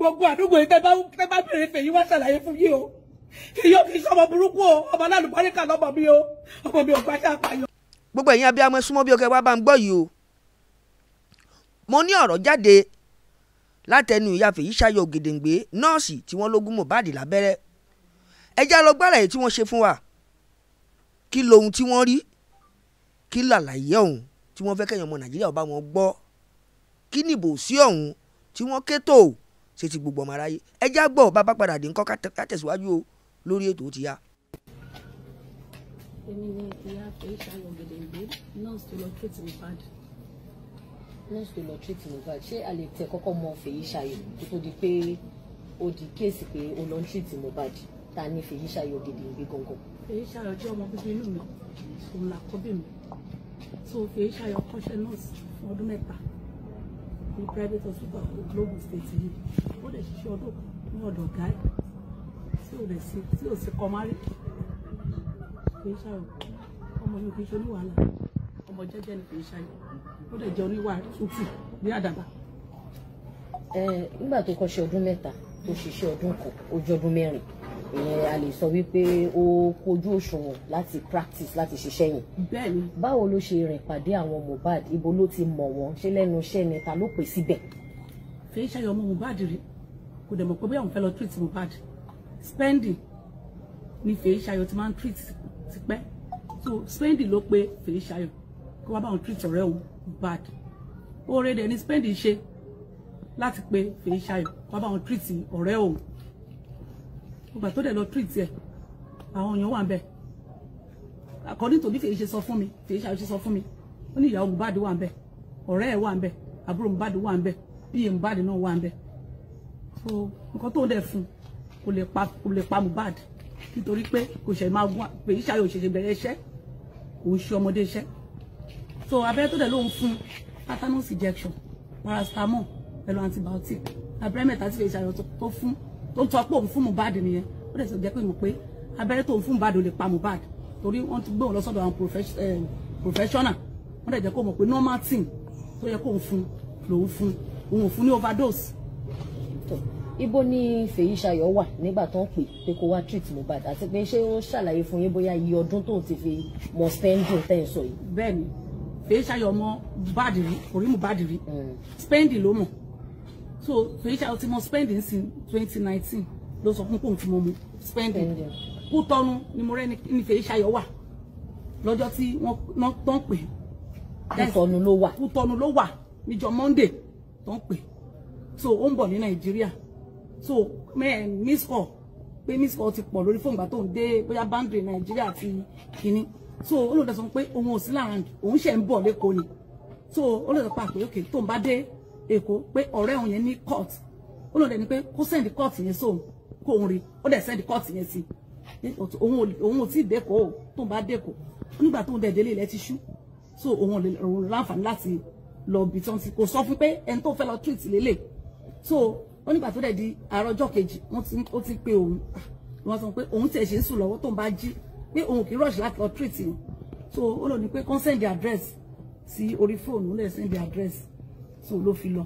gbogbo àdúgbò yìí tẹ́ bá tẹ́ bá bèrè wá ṣàlàyé fún yìí o èyí ò kì í burúkú o ọmọ alálùbáríkà lọmọ mi o ọmọ mi ò gbàṣà pààyàn. gbogbo ẹ̀yin abiyamọ súnmọ́ bí ọkẹ́ wá bá ń gbọ́ yìí o mo ní ọ̀rọ̀ jáde látẹnu ìyá fèyí ṣayọ gèdèǹgbé nọ́ọ̀sì tí wọ́n lógún Mohbad lábẹ́rẹ́ ẹ já lọ gbàlàyé tí wọ́n ṣe fún wa kí lohun tí wọ́n rí kí làlàyé ọ̀hún tí wọ́n fẹ́ kẹ́yìn ọmọ Nàìjíríà ọba wọn gbọ́ kí nìbò sí ọ̀hún tí wọ́n ké ṣe ti gbogbo ọmọ aráyé ẹ já gbọ́ bàbá padà dé ńkọ́ ká o lórí ètò ó ti yá. èmi ni ìyá Fèyíṣà Ògèdèngbé nurse tó lọ treat Mohbad. nurse tó lọ treat Mohbad ṣé a lè tẹ kọ́kọ́ mọ Fèyíṣà yìí kó tó di pé ó di kéèsì pé ó lọ treat Mohbad ta ni Fèyíṣà Ògèdèngbé gangan. Fèyíṣà ọjọ́ ọmọ bíbí inú mi òun làkọ́bí mi tó Fèyíṣà ọkọ́ṣẹ́ nurse fún ọdún mẹ́ta ní private hospital Ológùn state yìí ó lè ṣiṣẹ́ ọdún ní ọ̀dọ̀ ọ̀gá ẹ̀ tí ò lè sí tí ò sí kọmárì kì í ṣàrò ọmọ mi kì í ṣe oníwàhálà ọmọ jẹ́jẹ́ ni kì í ṣàyẹ̀ ó lè jẹ́ oníwà tútù ní àdàbà. ẹ nígbà tó kọ́ṣẹ́ ọdún mẹ́ta tó ṣiṣẹ́ ọdún kan ó ọdún mẹ́rin ìyẹn a lè sọ wípé ó kojú òṣùwọ̀n láti practice láti ṣiṣẹ́ yìí. bẹ́ẹ̀ni. báwo ló ṣe rìn pàdé àwọn Mohbad ibo ló ti mọ̀ wọ́n ṣé lẹ́nu iṣẹ́ ni ta ló pè síbẹ̀. fèyí ṣayọ ọmọ Mohbad rí kò dẹ̀ mọ̀ pé bóyá òun fẹ́ lọ treat Mohbad spending ni fèyí ṣayọ ti máa ń treat tipẹ́ so spending ló pe fèyí ṣayọ kó wá bá òun treat ọ̀rẹ́ òun Mohbad oore dẹ̀ ni spending ṣe láti pe fèyí ṣayọ kó wá bá òun treat ọ̀rẹ́ òun ìgbà tó dẹ̀ lọ treat ẹ̀ àwọn èèyàn wà ń bẹ̀ according to bí fèyí ṣe sọ fún mi fèyí ṣe sọ fún mi ó ní ìyàwó Mohbad wà ń bẹ̀ ọ̀rẹ́ ẹ̀ wà ń bẹ̀ àbúrò Mohbad wà ń bẹ̀ bíyè Mohbad náà wà ń bẹ̀ so nǹkan tó dẹ̀ fún kò lè pa kò lè pa Mohbad nítorí pé kò ṣe máa gún fèyí ṣayọ̀ òṣèṣe bẹ̀rẹ̀ iṣẹ́ kò ń ṣe ọmọdé iṣẹ́ so abẹ́rẹ́ tó dẹ̀ ló ń fún tetanus injection paracetamol pẹ̀lú antibiotic abẹ́rẹ́ mẹ́ta tí fèyí ṣayọ̀ tó fún tó ń sọ pé òun fún Mohbad nìyẹn ó dẹ̀ sọ jẹ́ pé mo pé abẹ́rẹ́ tó ń fún Mohbad ò lè pa Mohbad torí wọ́n ti gbé òun lọ sọ́dọ̀ àwọn eh, professional wọ́n dẹ̀ jẹ́ kó mọ̀ pé normal thing tó yẹ kó ń fún lòun fún òun ò fún ní overdose. ibo ni Fèyí Ṣayọ̀ wà nígbà tó ń pè pé kó wá treat Mohbad àti pé ṣé ó ṣàlàyé fún yín bóyá iye ọdún tó ti fi mọ spending tẹ́ ẹ̀ sọ yìí. bẹ́ẹ̀ni Fèyí Ṣayọ̀ mọ Mohbad rí orí Mohbad rí hmm. spending ló mọ̀ so Felicia ti mo spending sin twenty nineteen ló sọ fún pòun tí mo mu spending kú tọ́nu ni mo rẹ́ ní Felicia yọ wà lọ́jọ́ tí wọ́n tán pè kú tọ́nu ló wà kú tọ́nu ló Monday tán pè so ó ń bọ̀ ní Nàìjíríà so miss call pé miss call ti pọ̀ lórí fóònù gbà tó ń dé bóyá boundary Nàìjíríà àti kínní so olùdásọ pé òun ò sí láàrin òun ṣẹ̀ ń bọ̀ lẹ́kọ̀ọ́ ni so olùdásọ pàtó òkè tó ń bá dé Èkó pé ọ̀rẹ́ òun yẹn ní court ó lòdì ní pé kó send court yẹn sóun kó òun rí ó dẹ̀ send court yẹn sí òun ò tí ì dẹ́kọ̀ o tó ń bá dẹ́kọ̀ nígbà tó ń dẹ̀ délé ilẹ̀ ti ṣú so òun ò lè òun láǹfààní láti lọ bì tán sí kò sọ fún pé ẹni tó fẹ́ lọ treat lélẹ̀ so ó nígbà tó dẹ̀ di àrọ́jọ́ kejì ó ti pé òun wọ́n sọ pé òun tiẹ̀ ṣe ń sùn lọ́wọ́ tó ń bá jí pé òun kì í rush láti lọ treat yẹn so ó ni pé concern the address sí orí fóònù ó lè send the address so ló fi lọ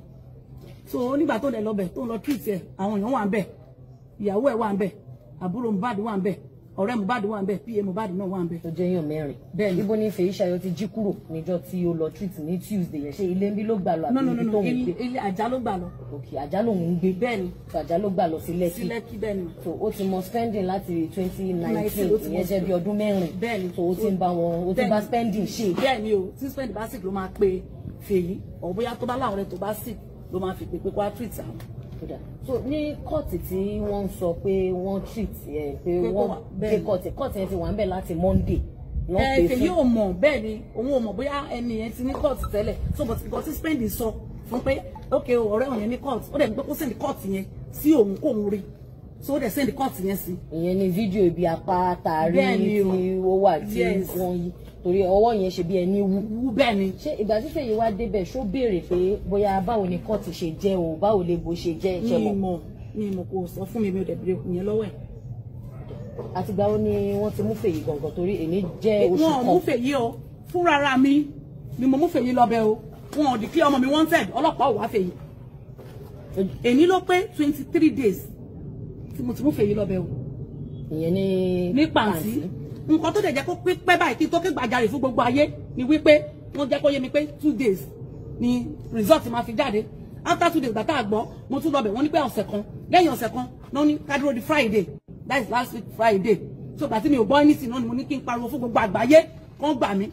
so onígbà tó dẹ̀ lọ bẹ̀ tó ń lọ treat ẹ̀ àwọn èèyàn wà ń bẹ̀ ìyàwó ẹ̀ wà ń bẹ̀ àbúrò Mohbad wà ń bẹ̀ ọ̀rẹ́ Mohbad wà ń bẹ̀ pa Mohbad náà wà ń bẹ̀. tó jẹ́ èèyàn mẹ́rin bẹ́ẹ̀ ni ibo ni Fèyíṣayọ̀ ti jí kúrò treat ní Tuesday yẹn ṣé ilé ń bí ló gbà lọ àbí ibi tó ń gbé ilé ajá ló gbà lọ. ok ajá lòun ń gbé bẹ́ẹ̀ ni so ajá ló gbà lọ sí Lẹ́kì sí Lẹ́kì bẹ́ẹ̀ ni. so ó ti mọ spending láti twenty nineteen ìyẹn jẹ́ bí ọdún mẹ́rin bẹ́ẹ̀ ni so ó ti ń bá wọn ó ti bá spending ṣe. bẹ́ẹ̀ ni o tí spending bá sì ló pe fèyí or tó bá láwọn rẹ tó bá sì ló máa fi pépé wá treat àwọn. so ní kóòtù tí wọ́n ń sọ pé wọ́n treat ẹ pé wọ́n dé kóòtù kóòtù yẹn ti wà ń bẹ̀ láti monday lọ́n pè fún. ẹ fèyí ò mọ̀ bẹ́ẹ̀ ni òun ò mọ̀ bóyá ẹni yẹn ti ní kóòtù tẹ́lẹ̀ so but because spending sọ fún pé ok ọ̀rẹ́ òun yẹn ní kóòtù ó dẹ̀ ní pé kó send kóòtù yẹn sí òun kóun rí so they send the court yẹn sí. ìyẹn ni fídíò ibi apá tààrí tí ó wà tí wọ́n yí torí ọwọ́ yẹn ṣe bí ẹni wú. wú bẹ́ẹ̀ ni. ṣé ìgbà tí fèyí wá débẹ̀ ṣó béèrè pé bóyá báwo ni kọ́ọ̀tì ṣe jẹ́ o báwo lè bo ṣe jẹ́ ìṣẹ́ mọ́. mi mọ̀ mi mọ̀ kò sọ fún mi mi ò dẹ̀ bèrè yẹn lọ́wọ́ ẹ̀. àtìgbà wo ni wọ́n ti mú fèyí gangan torí èmi jẹ́ oṣù kan. wọn ò mú fèyí o fúnrara mi ni mo mú fèyí lọ́bẹ̀ o wọn ò twenty three days tí mo ti mú fèyí lọ́bẹ̀ o. ìyẹn ní ní pàǹtí nǹkan tó dẹ̀ jẹ́ kó pípẹ́ báyìí kí n tó ké gbàjarè fún gbogbo ayé ni wípé wọ́n jẹ́ kó yé mi pé two days ni result máa fi jáde after two days gbàtà àgbọ̀ mo tún lọ́bẹ̀ wọ́n ní pé ọ̀sẹ̀ kan lẹ́yìn ọ̀sẹ̀ kan náà ní kádúró di Friday that is last week Friday so bàtí mi ò gbọ́ anything náà ni mo ní kí n pariwo fún gbogbo àgbáyé kán gbà mí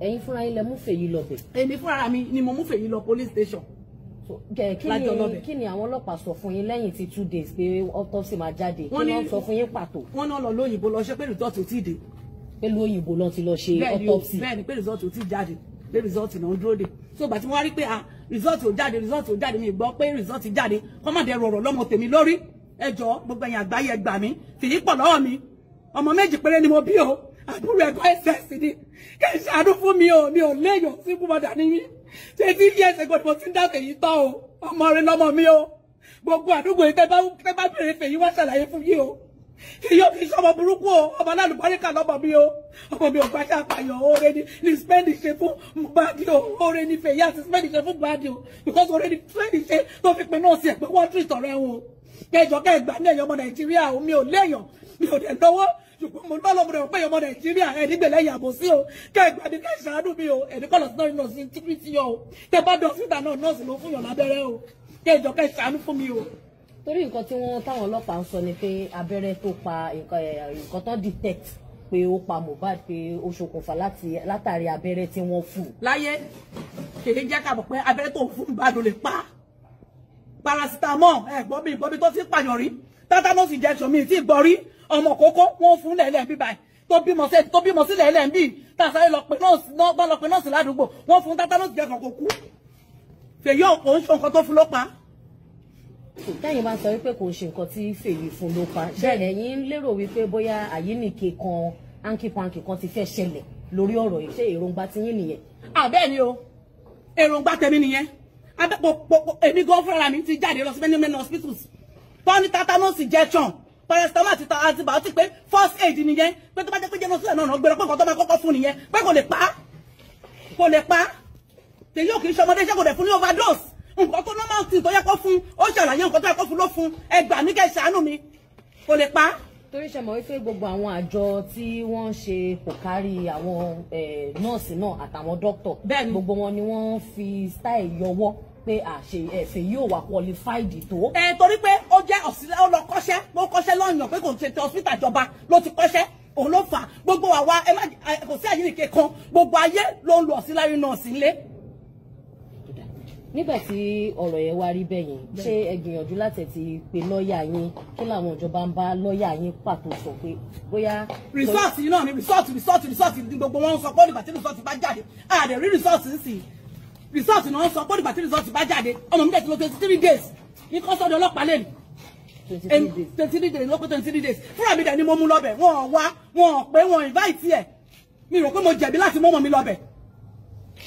ẹ̀yin fúnra yín lẹ mú fèyí lọ bẹ̀. èmi fúnra mi ni mo mú fèyí lọ police station lájọ lọ́bẹ̀. kí ni àwọn ọlọ́pàá sọ fún yín lẹ́yìn tí two days pé autopsy máa jáde kí wọ́n sọ fún yín pàtó. wọ́n náà lọ lóyìnbó lọ ṣe pé result ò tí ì dé. pẹ̀lú òyìnbó lọ ti lọ ṣe autopsy. bẹ́ẹ̀ ni pé result ò tí ì jáde pé result náà ó dúró dè so gbàtí wọ́n wá rí pé ah result ò jáde result ò jáde mi gbọ́ pé result jáde kọ́ má dẹ̀ rọ̀rọ̀ lọ́mọ tèmi lórí ẹ jọ̀ọ́ gbogbo ẹ̀yin àgbáyé ẹ gbà mí fìyí pọ̀ lọ́wọ́ mi ọmọ méjì péré ni mo bí o àbúrò ẹ̀kọ́ ẹ̀sẹ̀ sí ni kẹ́ ẹ ṣàánú fún mi o mi ò léèyàn sí búbọ̀dà ní twenty years ago ni mo ti ń dá fèyí tán o ọmọ rẹ lọmọ mi o gbogbo àdúgbò yìí tẹ bá tẹ bá bèrè fèyí wá ṣàlàyé fún yìí o èyí ò fi sọmọ burúkú o ọmọ alálùbáríkà lọmọ mi o ọmọ mi ò gba ṣe àpàyàn oore ni ni spend ṣe fún Mohbad o oore ni fèyí àti spend ṣe fún Mohbad o because oore ni spend ṣe tó fi pinnu ọ̀sẹ̀ pé wọ́n tún ìtọ̀rẹ́ wọn o kẹjọ kẹgbà ní ẹ̀yọ́ ọmọ Nàìjíríà o mi ò léèyàn mi ò dẹ̀ lọ́wọ́ lọ́mọdé rò pé ọmọ nàìjíríà ẹ̀ẹ́dígbèlẹ̀ ìyàbò sí o kẹgbà mi mi o ẹ̀ẹ́díkọ́lọ̀ sí náà nọ́ọ̀sì tíbi tí o tẹ síta náà nọ́ọ̀sì ló fún yàn lábẹ́rẹ́ o kẹjọ kẹsàánú fún mi o. torí nǹkan tí wọ́n táwọn ọlọ́pàá ń sọ ni pé abẹ́rẹ́ tó pa nǹkan tó detect pé ó pa Mohbad pé ó ṣokùnfà látàrí abẹ́rẹ́ tí wọ́n fún. láyé kèké jẹ́ ká mọ̀ pé abẹ́rẹ́ tó fún Mohbad lè pa paracetamol ẹ̀gbọ́n mi ìbọn mi tó ti pààyàn rí tatanus injection mi ti gbọ́ rí ọmọ kókó wọ́n fún lẹ́lẹ́ bí báyìí tó bímọ sí tó bímọ sílẹ̀ ẹlẹ́ bí tá a sáré lọ pé nọ́ọ̀sì náà lọ pé nọ́ọ̀sì ládùúgbò wọ́n fún tátánọ́ọ̀sì kẹkọ̀ọ́ kò kú fèyí òkò ń ṣe nǹkan tó fún ló pa tẹ́yìn máa sọ wípé kò ṣe nǹkan tí fèyí fún ló pa ṣẹlẹ̀ yín lérò wípé bóyá àyíníke kan ánkípanki kan ti fẹ́ ṣẹlẹ̀ lórí ọ̀rọ̀ yìí ṣé èròǹgbà ti yín nìyẹn. àbẹ́ẹ̀ ni o èròǹgbà tèmi nìyẹn abẹ́pọ̀ èmi gan fúnra mi ti jáde lọ sí many many hospitals tọ́ni tatanọ́ọ̀sì jẹ́ chàn paracetamol àti antibiotic pé first aid nìyẹn pé tó bá jẹ́ pé genocidal náà gbẹ̀rọ pé nǹkan tó máa kọ́kọ́ fún nìyẹn pé kò lè pa á kò lè pa á tèyí ò kì í ṣọmọdé iṣẹ́ kò dẹ̀ fún ní overdose nǹkan tó normal thing tó yẹ kó fún ó ṣàlàyé nǹkan tó yẹ kó fún ló fún ẹgbàá ní kẹ́ ṣàánú mi kò lè pa á torí ṣe mọ̀ wípé gbogbo àwọn àjọ tí wọ́n ṣe kòkárí àwọn nọ́ọ̀sì náà àtàwọn dókítọ̀ gbogbo wọn ni wọ́n fi style yọwọ́ pé àṣẹ ẹ̀fẹ̀ yóò wà qualified tó. ẹ torí pé ó jẹ́ ọ̀sìn wọ́n yàn pé kò ń ṣe ti hospital ìjọba ló ti kọ́ṣẹ́ òun ló fà á gbogbo àwa ẹ kò sí àyíǹkè kan gbogbo ayé ló ń lo ọ̀sìnlárí nọ́ọ̀sì ńlé. nígbà tí ọ̀rọ̀ yẹn wá rí bẹ́ẹ̀ yẹn ṣé ẹ gbìyànjú láti ti pe lọ́ọ̀yà yín kí làwọn ìjọba ń bá lọ́ọ̀yà yín pàtó sọ pé bóyá. rìsọ́ọ̀tì náà ni rìsọ́ọ̀tì rìsọ́ọ̀tì rìsọ́ọ̀tì ni gbogbo wọn ń sọ pé nígbà tí rìsọ́ọ̀tì bá jáde àdè rí rìsọ́ọ̀tì ń sìn rìsọ́ọ̀tì náà sọ pé nígbà tí bá jáde ọmọ mi dẹ̀ ti lọ twenty three days ní kọ́sọ́dọ̀ ọlọ́pàá lẹ́nu twenty three days ló pé twenty three days fúnra mi dẹ̀ ni mo mú lọ́bẹ̀ wọn wá wọn pé wọn invite ẹ̀ mi rò pé mo jẹ̀bi láti mọ́mọ́ mi lọ́bẹ̀.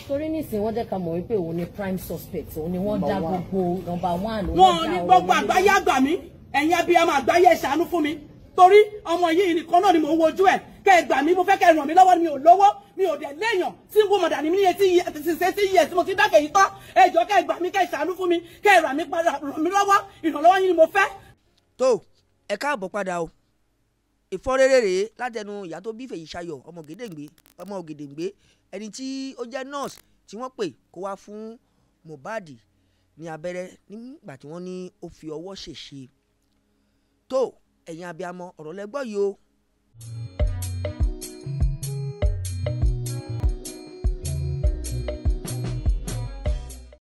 torí nísìnyí wọ́n jẹ́ ká mọ̀ wípé òun ni prime suspect òun ni wọ́n dá gbogbo number one. wọn ni gbogbo àgbáyé àgbà mi ẹ̀yin abiyamọ àgbáyé ṣàánú fún mi torí ọmọ yìí nìkan náà ni mò ń wojú ẹ̀ kẹ́ ẹ gbà mí mo fẹ́ kẹ́ ẹ ràn mí lọ́wọ́ mi ò lówó mi ò dẹ̀ léèyàn tí wọ́n mọ̀dà ní mi níye tí ṣiṣẹ́ tí yẹ tí mo ti dákẹ́ yìí tán ẹ jọ̀ọ́ kẹ́ ẹ gbà mí kẹ́ ẹ ṣàánú fún mi kẹ́ ẹ ràn mí lọ́wọ́ ìrànlọ́wọ́ yìí ni mo fẹ́ tó ẹ káàbọ̀ padà o ìfọ́nrẹ́rẹ́ rèé látẹnu ìyá tó bí Fèyíṣayọ̀ ọmọ Ògèdèǹgbé ọmọ Ògèdèǹgbé ẹni tí ó jẹ́ nọ́ọ̀sì tí wọ́n pè kó wá fún Mohbad ní abẹ́rẹ́ nígbà tí wọ́n ní ó fi ọwọ́ ṣèṣe tó ẹ̀yin abiyamọ ọ̀rọ̀ lẹ́gbọ́ yìí o